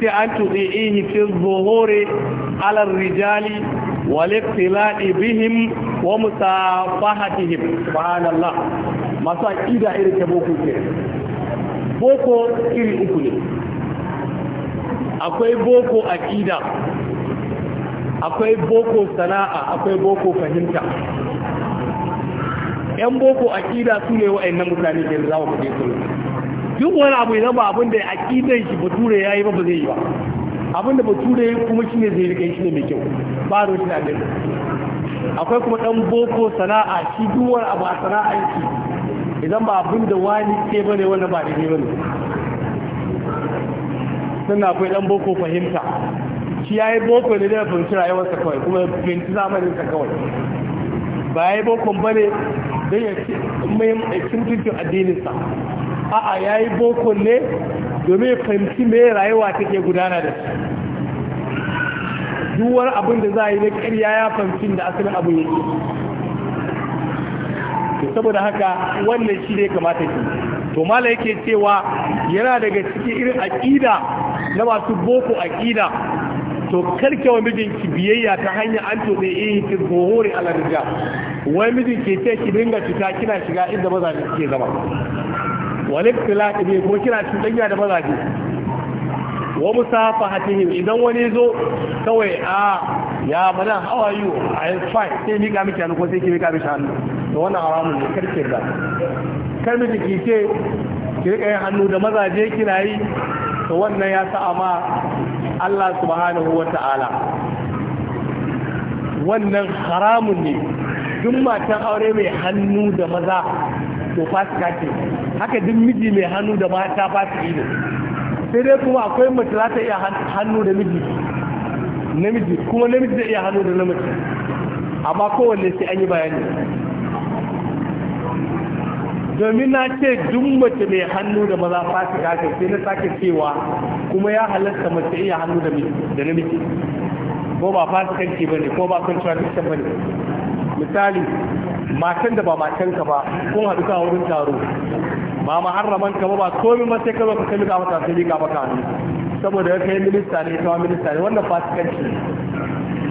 ce an tuɗe ihi fi zuhuri alar rijali wal iqtilai bihim wa musafahatihim subhanallah a ida irin ta boko ke boko iri uku ne akwai boko aqida akwai boko sana'a akwai boko fahimta yan boko ƙida su ne wa'annan mutane da za mu je su duk wani abu idan ba abin da aqidan shi bature yayi ba ba zai yi ba abin da bature kuma shi ne zai rike shi ne mai kyau ba roshi da akwai kuma dan boko sana'a shi duwar abu a sana'ar shi idan ba abin da wani ke bane wannan ba daidai bane sannan akwai dan boko fahimta shi ya yi boko ne da fahimci rayuwarsa kawai kuma fahimci zamaninsa kawai ba ya yi bokon bane don ya ce addininsa a'a ya yi boko ne domin ya fahimci mai rayuwa take gudana da su duwar abin da za a yi ƙarya ya fahimci da asalin abin yake to saboda haka wannan shi ne kamata ki to mala yake cewa yana daga cikin irin aƙida na masu boko aƙida to karke wa mijinki biyayya ta hanyar an to zai yi ki zuhuri ala rija wai mijin ke ce ki dinga fita kina shiga inda ne suke zama wani tilaki ne ko kina danya da mazaje wa musafahatihim idan wani zo kawai a ya mana how are you i am fine sai mika miki hannu ko sai ki mika miki hannu to wannan haramun ne karke da kar mijin ki ce ki rika yin hannu da mazaje kina yi to wannan ya sa ma Allah subhanahu wa ta'ala wannan haramun ne duk matan aure mai hannu da maza to fasika ce haka duk miji mai hannu da mata fasiki ne sai dai kuma akwai mace za ta iya hannu da miji namiji kuma namiji zai iya hannu da namiji amma kowanne sai an yi bayani domin na ce duk mace mai hannu da maza fasika ce sai na sake cewa kuma ya halatta mace iya hannu da da namiji ko ba fasikanci ba ne ko ba contradiction ba ne misali matan da ba matanka ba kun haɗu ka wurin taro ba ma harraman ka ba ba komai ma sai ka zo ka kai ka mata sai ka baka hannu saboda ya kai minista ne ita minista ne wannan fasikanci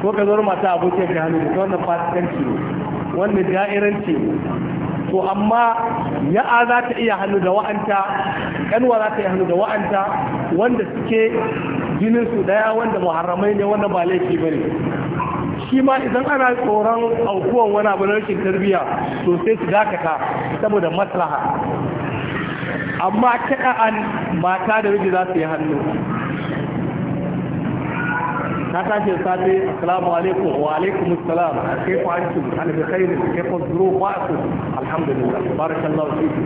ko ka zo mata abokin ka hannu da wannan fasikanci ne wannan da'iranci ne to amma ya'a za ta iya hannu da wa'anta 'yanwa za ta iya hannu da wa'anta wanda suke jinin su daya wanda muharramai ne wanda ba laifi bane shi ma idan ana tsoron aukuwan wani abu na rashin tarbiyya to sai su dakata saboda maslaha amma an mata da miji za su yi hannu ka tashi safe assalamu alaikum wa alaikum assalam kaifa antum ana bi khairin kaifa zuru ba'ku alhamdulillah barakallahu fiki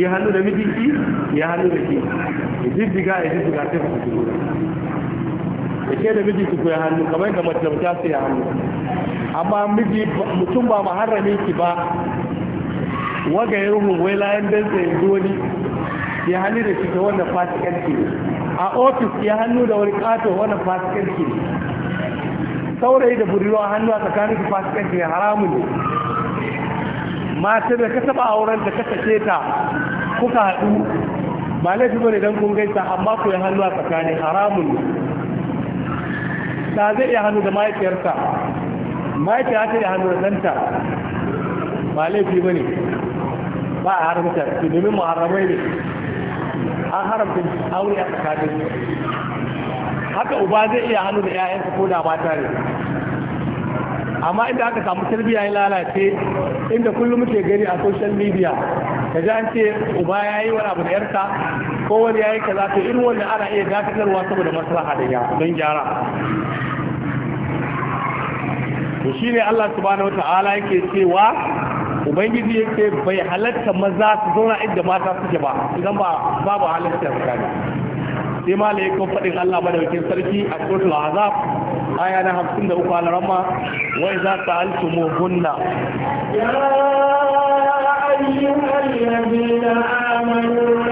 yi hannu da mijinki ya hannu da ki ya diddiga ya diga sai ku ji ya ke da mijinki ku ya hannu kamar da mace ta sai ya hannu amma miji mutum ba maharrami ki ba waga ya ruhu wai layan dan sai wani ya hannu da shi ta wannan fasikanci ne a ofis ya hannu da wani kato wani fasikanci saurayi da budurwa hannu a tsakanin su fasikanci ne haramun ne matar da ka taba auren da ka sake ta kuka haɗu ba laifi bane don kun gaisa amma ku yi hannu a tsakanin haramun ne ta zai iya hannu da mahaifiyarsa mahaifiya ta iya hannu da ɗanta ba laifi bane ba a haramta domin mu haramai ne a haramta aure a tsakanin haka uba zai iya hannu da 'ya'yansa ko da mata ne amma inda aka samu tarbiyya ya lalace inda kullum muke gani a social media ka ji an ce uba ya yi wani abu da yarka ko wani ya yi kaza to irin wannan ana iya dakatarwa saboda maslaha da ya don gyara to shine Allah subhanahu wata'ala yake cewa ubangiji ya ce bai halatta maza su zauna inda mata suke ba idan ba babu halatta gani sai ma laikon faɗin Allah madaukin sarki a suratul azab aya na uku a wai za su halittu mu hunna ya ayyuhal ladina amanu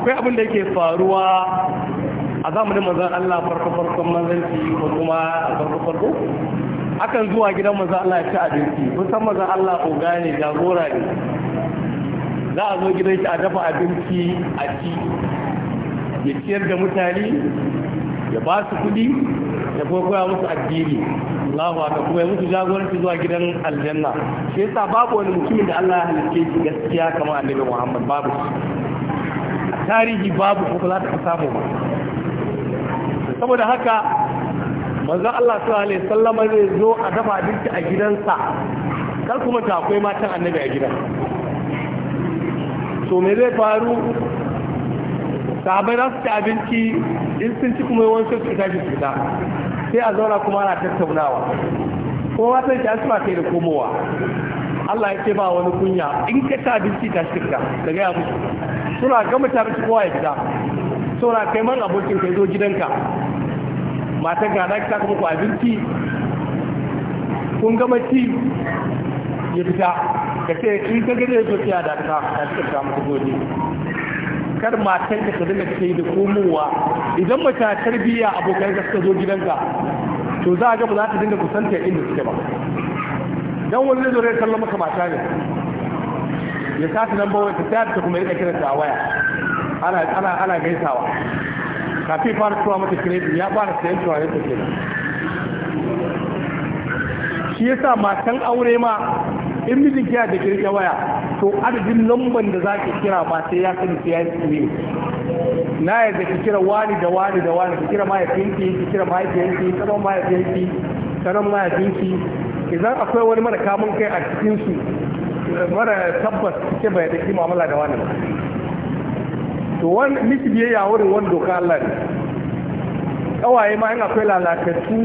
akwai abin da yake faruwa a zamanin manzan Allah farko farkon manzanci ko kuma farko farko akan zuwa gidan manzan Allah ya ci abinci kusan manzan Allah oga ne jagora ne za a zo gidan shi a dafa abinci a ci ya ciyar da mutane ya ba su kudi ya kuma koya musu addini Allahu akbar kuma ya musu jagoranci zuwa gidan aljanna shi yasa babu wani mutumin da Allah ya halicce shi gaskiya kamar annabi Muhammad babu shi tarihi babu ko za ta samu ba saboda haka manzon Allah sallallahu alaihi wasallam zai zo a dafa abinci a gidansa kar kuma ta akwai matan annabi a gidan to me zai faru sahabai za su ci abinci in sun ci kuma yawancin su tashi su fita sai a zauna kuma ana tattaunawa kuma matan ki asuwa kai da komowa Allah ya ce ba wani kunya in ka ci abinci ta shirka ka gaya musu suna gama tare su kowa ya fita suna kai man abokin ka zo gidanka mata gana ta kuma ku abinci kun gama ci ya fita ka ce in ka gani ya zo da ta ta cika ta muku gobe kar matan ka dinga yi da komowa idan mace tarbiyya abokan ka suka zo gidanka to za a ga ba za ta dinga kusanta inda suke ba dan wani zai zo ya kallon maka mata ne ya sata nan bawai ta tayar ta kuma yi kiranta a waya ana gaisawa kafin fara tuwa mata kiredin ya fara sayan tuwa ya take shi ya sa matan aure ma in mijin kiya da kirke waya to adadin lamban da za ka kira ba sai ya sani sai ya yi na yadda ka kira wani da wani da wani ka kira mahaifinki ka kira mahaifiyanki tsaron mahaifiyanki tsaron mahaifinki idan akwai wani mara kamun kai a cikinsu mara tabbas ke bai da ki mu'amala da wani to wani miki biyayya wurin wani doka Allah ne kawaye ma in akwai lalatattu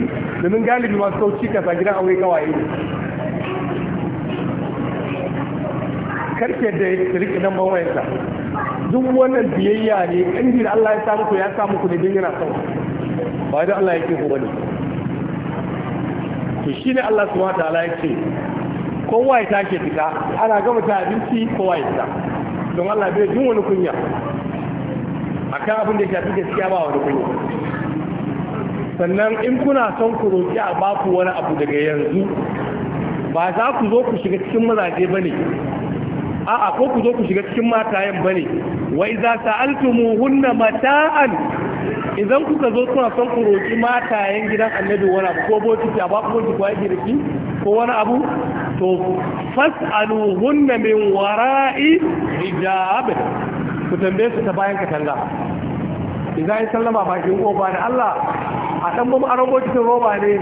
domin galibi masu sauci kasa gidan aure kawaye ne karke da ya rike dan bawayensa duk wannan biyayya ne ƙanji da Allah ya samu ku ya samu ku ne don yana sau ba da Allah ya ke ku bane to shi ne Allah subhanahu wa ta'ala ya ce kowa ya tashi fita ana gama ta abinci kowa ya fita don Allah bai jin wani kunya kan abin da ya shafi gaskiya ba wani kunya sannan in kuna son ku roƙi a baku wani abu daga yanzu ba za ku zo ku shiga cikin mazaje ba ne a'a ko ku zo ku shiga cikin matayen ba ne wa iza sa'altumuhunna mata'an idan kuka zo kuna son ku roƙi matayen gidan annabi wani abu ko bokiti a baku bokiti ko yake ko wani abu to fas'aluhunna min wara'i hijab ku tambaye su ta bayan katanga idan ya sallama bakin kofa da Allah a dan mu aron bokitin roba ne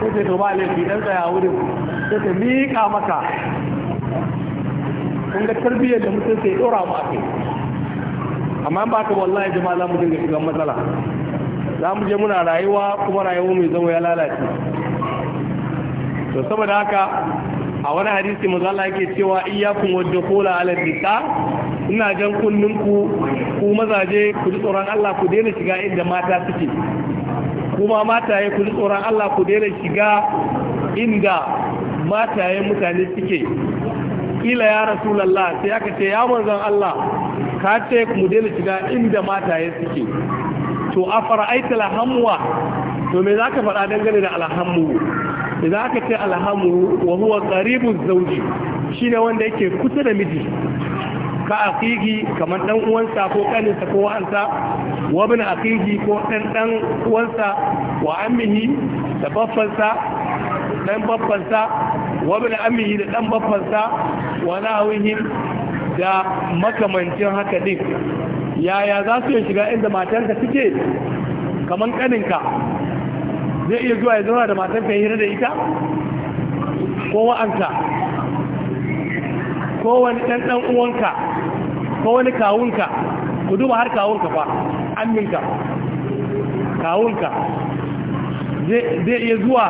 sai ce roba ne laifi dan tsaya wurin sai ta miƙa maka kun ga tarbiyyar da mutum sai dora mu a amma ba ka wallahi jama'a za mu dinga shiga matsala za mu je muna rayuwa kuma rayuwa mai zama ya lalace to saboda haka a wani hadisi manzo Allah yake cewa iyyakum wadkhula ala nisa ina jan kullun ku ku mazaje ku ji tsoron Allah ku daina shiga inda mata suke kuma mataye ku ji tsoron Allah ku daina shiga inda mataye mutane suke kila ya rasulullah sai aka ce ya manzon Allah ka ce mu daina shiga inda mataye suke to afara aitala hamwa to me zaka faɗa dangane da alhamu. idan aka ce alhamu wa huwa Zauji zawji ne wanda yake kusa da miji ka akigi kamar dan uwansa ko kaninsa ko wa'ansa wa bin akigi ko dan dan uwansa wa ammihi da baffansa dan baffansa wa bin ammihi da dan baffansa wa nahwihim da makamancin haka din yaya za su shiga inda matanka suke kamar kaninka zai iya zuwa ya zauna da matan ka hira da ita ko wa'anka ko wani ɗanɗan uwanka ko wani kawunka ku duba har kawunka fa aminka kawunka zai iya zuwa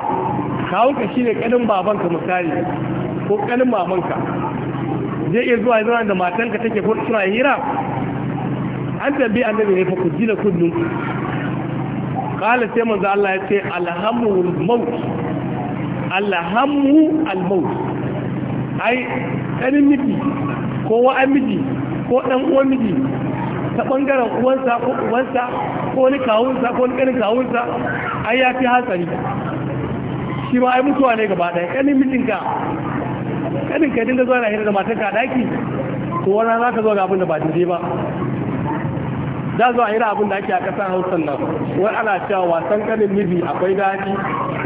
kawunka shi ne ƙanin babanka misali ko ƙanin mamanka zai iya zuwa ya zauna da matanka take suna hira an tambayi annabi ne fa ku ji da kullum kala sai manzo Allah ya ce alhamul maut alhamu almaut ai dan miji ko wa amiji ko dan uwan miji ta bangaren uwansa ko uwansa ko ni kawunsa ko ni kanin kawunsa ai ya fi hasari shi ma ai mutuwa ne gaba ɗaya kanin mijinka kanin ka dinga zuwa na hira da matarka daki to wannan zaka zo ga abin da ba daidai ba da zuwa irin abin da ake a kasar hausan nan wani ana cewa wasan kanin mibi akwai daji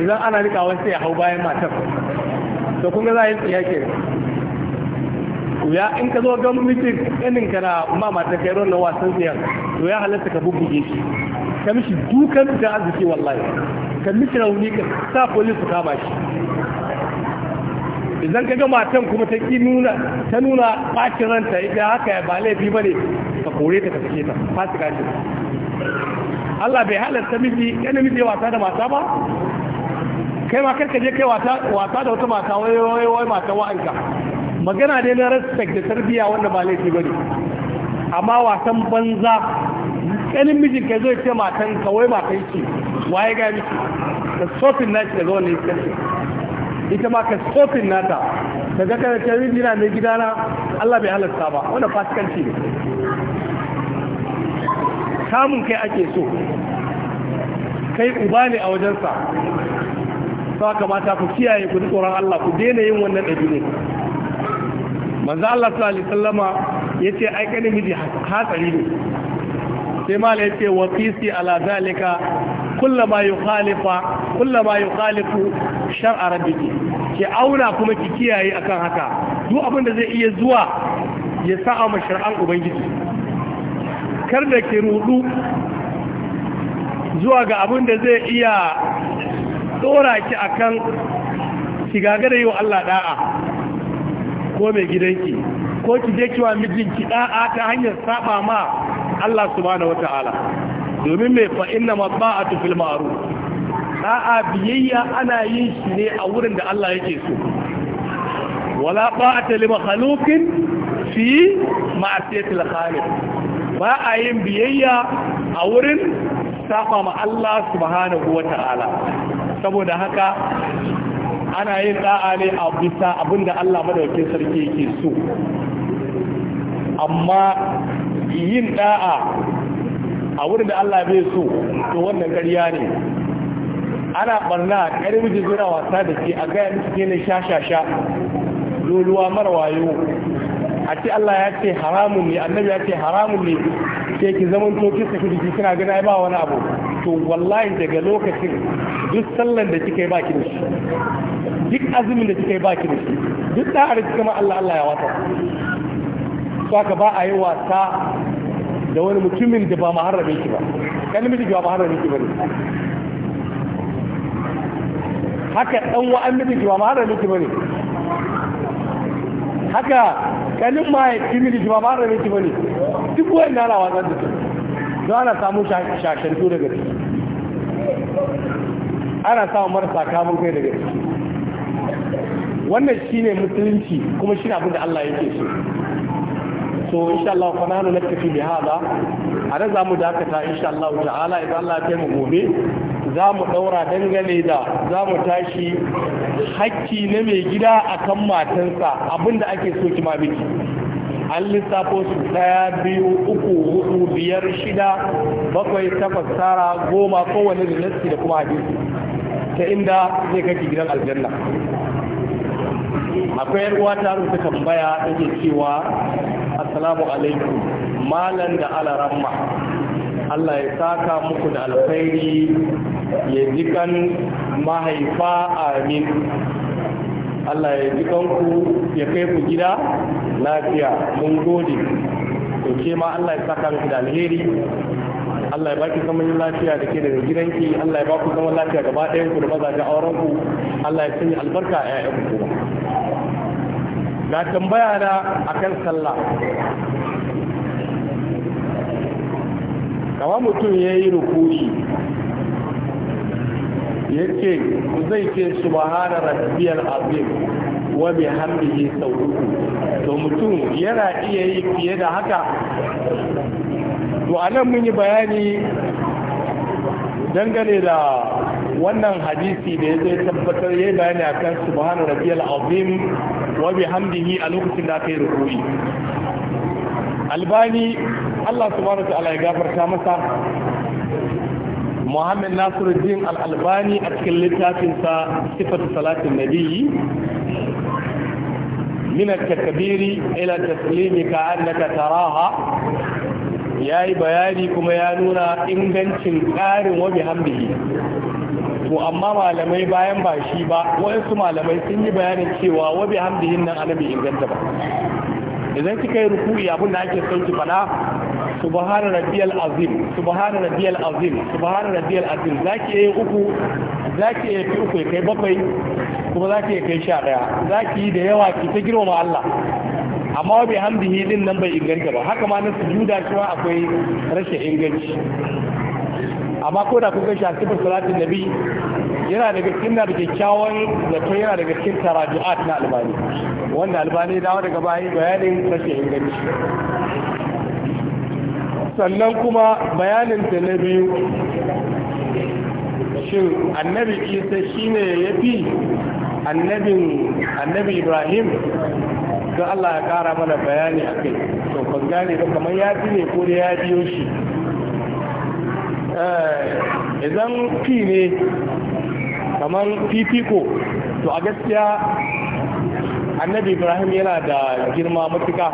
idan ana rika wai sai ya hau bayan matar to kun ga za a yi tsayake ke ya in ka zo ga mijin ɗanin ka na ma matar kai na wasan tsayar to ya halatta ka bubbuge shi ka mishi dukan da arziki wallahi ka mishi rauni ka sa polis su kama shi idan ka ga matan kuma ta ki nuna ta nuna bacin ranta ita haka ba laifi bane ka kore ta ka sake ta fasika ce Allah bai halarta miji yana miji wasa da mata ba kai ma karka je kai wasa da wata mata wai wai wai mata wa'anka magana dai na respect da tarbiya wanda ba laifi bane amma wasan banza kanin mijin ka zai ce matan ka wai matan ki waye ga miki ka sofin na ki daga wannan iskanci ita ma ka sofin nata daga kana ta miji na mai gidana Allah bai halarta ba wannan fasikanci ne kamun kai ake so kai uba ne a wajensa sa kamata ku kiyaye ku tsoron Allah ku daina yin wannan ɗabi'u manzo Allah sallallahu alaihi wasallama yace ai kanin miji hatsari ne sai mala yace wa fisi ala zalika kullama yukhalifa kullama yukhalifu shar'a rabbiki ki auna kuma ki kiyaye akan haka duk abin da zai iya zuwa ya sa'a ma ubangiji kar da ke rudu zuwa ga abin da zai iya tsora ki akan shigaga da yi wa Allah da'a ko mai gidanki ko ki je kiwa mijinki da'a ta hanyar saba ma Allah subhanahu wata'ala domin mai fa inna a fil da'a biyayya ana yin shi ne a wurin da Allah yake so wala ba a li halukin fi ma'asiyatil khaliq ba a yin biyayya a wurin safa ma Allah subhanahu wa ta'ala saboda haka ana yin da'a ne a bisa abinda Allah madaukakin sarki yake so amma yin da'a a wurin da Allah bai so to wannan ƙarya ne ana barna ƙari miji zura wasa da ke a gaya miki ne shashasha loluwa mara wayo a ce Allah ya ce haramun ne annabi ya ce haramun ne sai ki zaman to ki saki jiki kina gana ba wani abu to wallahi daga lokacin duk sallan da kika yi baki da shi duk azumin da kika yi baki da shi duk da har kuma Allah Allah ya wata to haka ba a yi wasa da wani mutumin da ba maharrame ki ba kan miji ba maharrame ki ba ne haka dan wa'an ki ba maharrame ki ba ne haka kanin ma ya kimi da jima ba rabe ki bane duk wani na ala wasan da su don ana samun shashantu daga ciki ana samun marasa kamun kai daga ciki wannan shine musulunci kuma shi abin da Allah yake so so insha Allah fa nanu nakfi bi hada za mu dakata insha Allah ta'ala idan Allah ya kai mu gobe za mu ɗaura dangane da za mu tashi hakki na mai gida a kan matansa abinda ake so kima mamiki an lissafo su ɗaya biyu uku hudu biyar shida bakwai takwas tara goma kowane da nassi da kuma hadisi ta inda zai kake gidan aljanna akwai yar uwa ta rubuta tambaya take cewa assalamu alaikum malam da alaramma Allah ya saka muku da alkhairi ya ji kan mahaifa amin Allah ya ji kanku ya kai ku gida lafiya mun gode to ke ma Allah ya saka miki da alheri Allah ya baki zaman lafiya da ke daga gidanki Allah ya baku zaman lafiya gaba ɗayan ku da mazajen auren ku Allah ya sanya albarka a ƴaƴan ku ga tambaya na akan sallah kama mutum ya yi rukuni yace zai ce subhana rabbiyal abin wani hamdiki sau uku to mutum yana iya yi fiye da haka to a nan mun yi bayani dangane da wannan hadisi da ya zai tabbatar ya yi bayani akan subhana abin wani wa hamdiki a lokacin da aka yi rukuri albani Allah subhanahu wa ta'ala ya gafarta masa muhammad nasiruddin albani a cikin littafinsa sifatu salatin nabiyyi min al-takbiri ila taslimi ka annaka taraha yayi bayani kuma ya nuna ingancin ƙarin wa bihamdihi to amma malamai bayan ba shi ba wasu malamai sun yi bayanin cewa wa bihamdihin nan annabi inganta ba idan kika yi ruku'i abin da ake sauki ki fada subhana rabbiyal azim subhana rabbiyal azim subhana rabbiyal azim zaki yi uku zaki yi fi uku kai bakwai kuma zaki yi kai sha daya zaki yi da yawa ki ta girma Allah amma bai hamdihi din nan bai inganta ba haka ma na sujuda cewa akwai rashin inganci amma ko da kuka sha sifar salatin nabi yana daga cikin na da kyakkyawan zato yana daga cikin taraju'at na albani wanda albani dawo daga bayan bayanin rashin inganci sannan kuma bayanin ta na biyu shi annabi isa shi ne ya fi annabi ibrahim ga allah ya kara mana bayani a kai to ban gane ba kamar ya fi ne ko da ya biyo shi eh, idan fi ne kamar fifiko to a gaskiya annabi ibrahim yana da girma matuka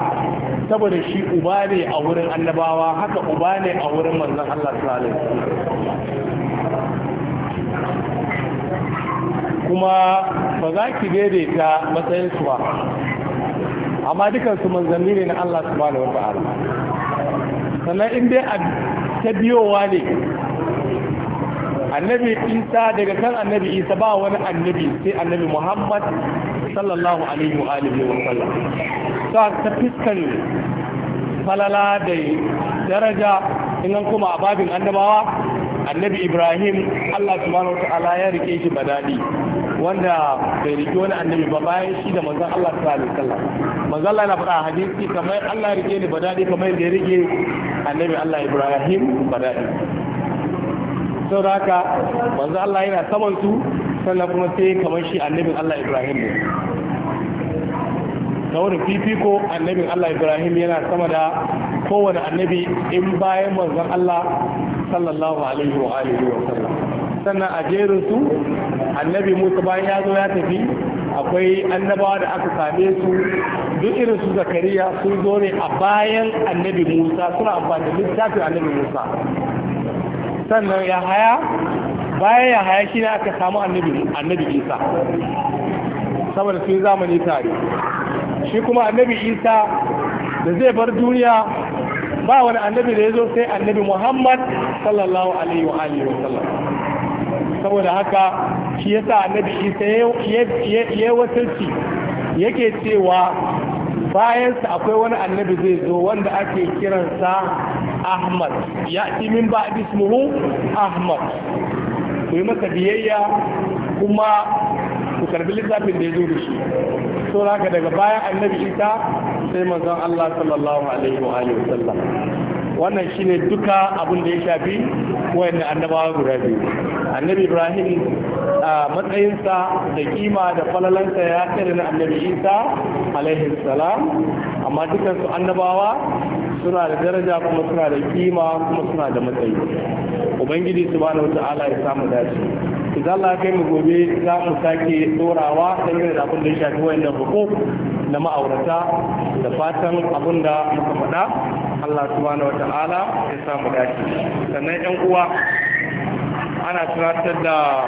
saboda shi uba ne a wurin annabawa haka uba ne a wurin manzan Allah sallallahu kuma ba za ki daidaita matsayin su ba amma dukansu manzanni ne na Allah subhanahu wa ta'ala sannan in dai ta biyowa ne annabi isa daga kan annabi isa ba wani annabi sai annabi muhammad sallallahu alaihi wa alihi wa sallam ta ta fiskan falala da daraja in an kuma a babin annabawa annabi ibrahim allah subhanahu ta'ala ya rike shi badadi wanda bai rike wani annabi ba bayan shi da manzon allah sallallahu alaihi wasallam manzon allah na faɗa hadisi kamar allah rike ni badadi kamar yadda ya rike annabi allah ibrahim badadi sau da haka manzo Allah yana saman su sannan kuma sai kamar shi annabin Allah Ibrahim ne saboda fifiko annabin Allah Ibrahim yana sama da kowane annabi in bayan manzon Allah sallallahu alaihi wa alihi wa sallam sannan a jerin su annabi Musa bayan ya zo ya tafi akwai annabawa da aka same su duk irin su zakariya sun zo ne a bayan annabi Musa suna amfani da littafin annabi Musa sannan ya haya bayan ya haya shi ne aka samu annabi isa saboda sun zamani tare shi kuma annabi isa da zai bar duniya ba wani annabi da ya zo sai annabi muhammad sallallahu alaihi wa alihi wa sallam saboda haka shi ya sa annabi isa ya wasarci yake cewa bayansa akwai wani annabi zai zo wanda ake kiransa ahmad ya min ba bismuhu ahmad ku yi masa biyayya kuma ku karbi littafin da ya zo da shi so daga bayan annabi isa sai manzon allah sallallahu alaihi wa sallam wannan shi ne duka abin da ya shafi da annabawa guda biyu annabi ibrahim a matsayinsa da kima da falalanta ya tsere na annabi isa alaihi salam amma dukansu annabawa suna da daraja kuma suna da kima kuma suna da matsayi ubangiji wata ala ya samu dace idan Allah kai mu gobe za mu sake dorawa dangane da abin da ya shafi da hukum na ma'aurata da fatan abin da muka faɗa Allah subhanahu wa ta'ala ya samu dace sannan yan uwa ana tunatar da